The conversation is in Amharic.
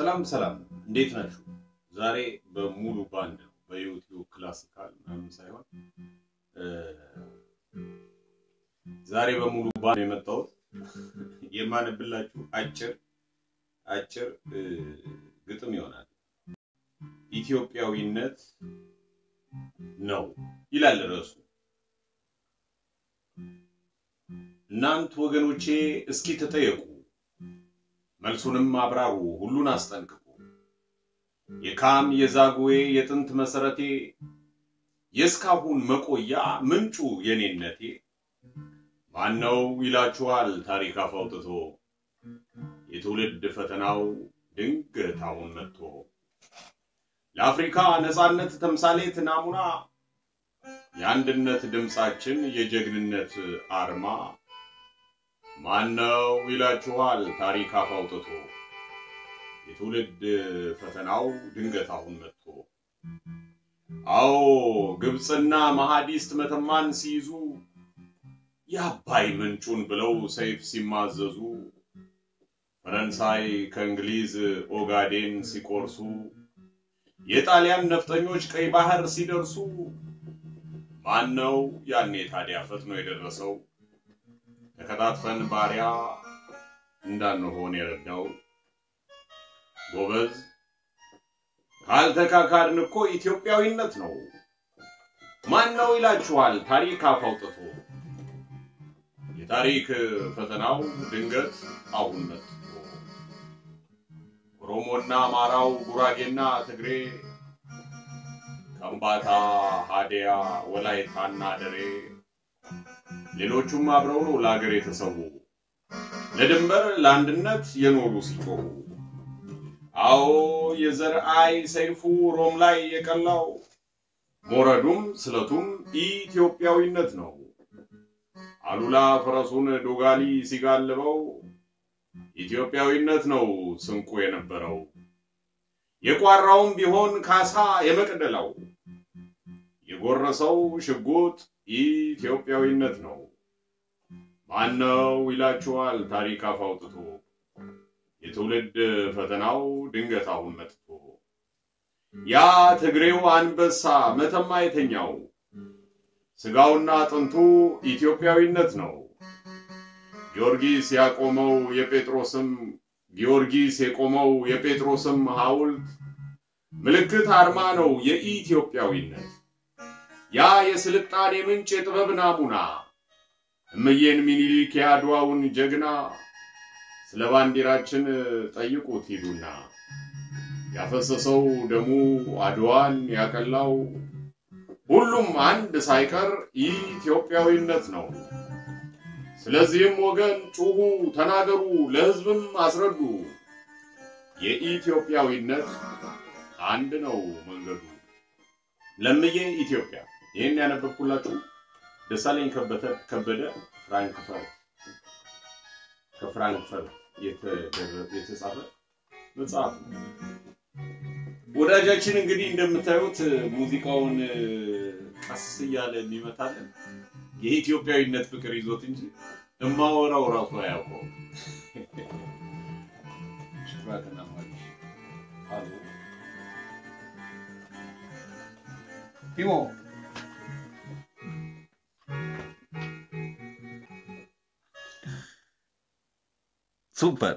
ሰላም ሰላም፣ እንዴት ናችሁ? ዛሬ በሙሉ ባንድ ነው በዩቲዩብ ክላሲካል ምናምን ሳይሆን ዛሬ በሙሉ ባንድ የመጣሁት የማነብላችሁ አጭር አጭር ግጥም ይሆናል። ኢትዮጵያዊነት ነው ይላል ርዕሱ። እናንት ወገኖቼ እስኪ ተጠየቁ መልሱንም አብራሩ፣ ሁሉን አስጠንቅቁ። የካም የዛጉዌ የጥንት መሰረቴ የእስካሁን መቆያ ምንጩ የኔነቴ ነው ይላችኋል ታሪክ አፋውጥቶ የትውልድ ፈተናው ድንገታውን መጥቶ ለአፍሪካ ነፃነት ተምሳሌት ናሙና የአንድነት ድምፃችን የጀግንነት አርማ ማነው ይላችኋል ታሪክ አፍ አውጥቶ የትውልድ ፈተናው ድንገት አሁን መጥቶ። አዎ ግብፅና መሐዲስት መተማን ሲይዙ የአባይ ምንጩን ብለው ሰይፍ ሲማዘዙ ፈረንሳይ ከእንግሊዝ ኦጋዴን ሲቆርሱ የጣሊያን ነፍጠኞች ቀይ ባህር ሲደርሱ ማን ነው ያኔ ታዲያ ፈጥኖ የደረሰው? ተከታትፈን ባሪያ እንዳንሆን የረዳው ጎበዝ ካልተካካድን እኮ ኢትዮጵያዊነት ነው። ማን ነው ይላችኋል ታሪክ አፋውጥቶ የታሪክ ፈተናው ድንገት አሁን መጥቶ ኦሮሞና አማራው፣ ጉራጌና ትግሬ፣ ከምባታ፣ ሀዲያ፣ ወላይታና ደሬ ሌሎቹም አብረው ነው ለሀገር የተሰዉ ለድንበር ለአንድነት የኖሩ ሲቆሙ። አዎ የዘርአይ ሰይፉ ሮም ላይ የቀላው ሞረዱም ስለቱም ኢትዮጵያዊነት ነው። አሉላ ፈረሱን ዶጋሊ ሲጋልበው ኢትዮጵያዊነት ነው ስንቁ የነበረው የቋራውም ቢሆን ካሳ የመቅደላው የጎረሰው ሽጉጥ ኢትዮጵያዊነት ነው። ማነው ይላችኋል ታሪክ አፍ አውጥቶ የትውልድ ፈተናው ድንገት አሁን መጥቶ ያ ትግሬው አንበሳ መተማ የተኛው ስጋውና አጥንቱ ኢትዮጵያዊነት ነው። ጊዮርጊስ ያቆመው የጴጥሮስም ጊዮርጊስ የቆመው የጴጥሮስም ሐውልት ምልክት አርማ ነው የኢትዮጵያዊነት ያ የስልጣኔ ምንጭ የጥበብ ናሙና እምዬን ሚኒሊክ የአድዋውን ጀግና ስለ ባንዲራችን ጠይቁት ሂዱና ያፈሰሰው ደሙ አድዋን ያቀላው ሁሉም አንድ ሳይቀር ኢትዮጵያዊነት ነው። ስለዚህም ወገን ጩሁ፣ ተናገሩ፣ ለሕዝብም አስረዱ። የኢትዮጵያዊነት አንድ ነው መንገዱ። ለምዬ ኢትዮጵያ ይህን ያነበብኩላችሁ ደሳለኝ ከበደ ፍራንክፈርት ከፍራንክፈር የተጻፈ መጽሐፍ ነው። ወዳጃችን እንግዲህ እንደምታዩት ሙዚቃውን ቀስ እያለ የሚመታለን የኢትዮጵያዊነት ፍቅር ይዞት እንጂ እማወራው ራሱ አያውቀውም። ሂሞ Super!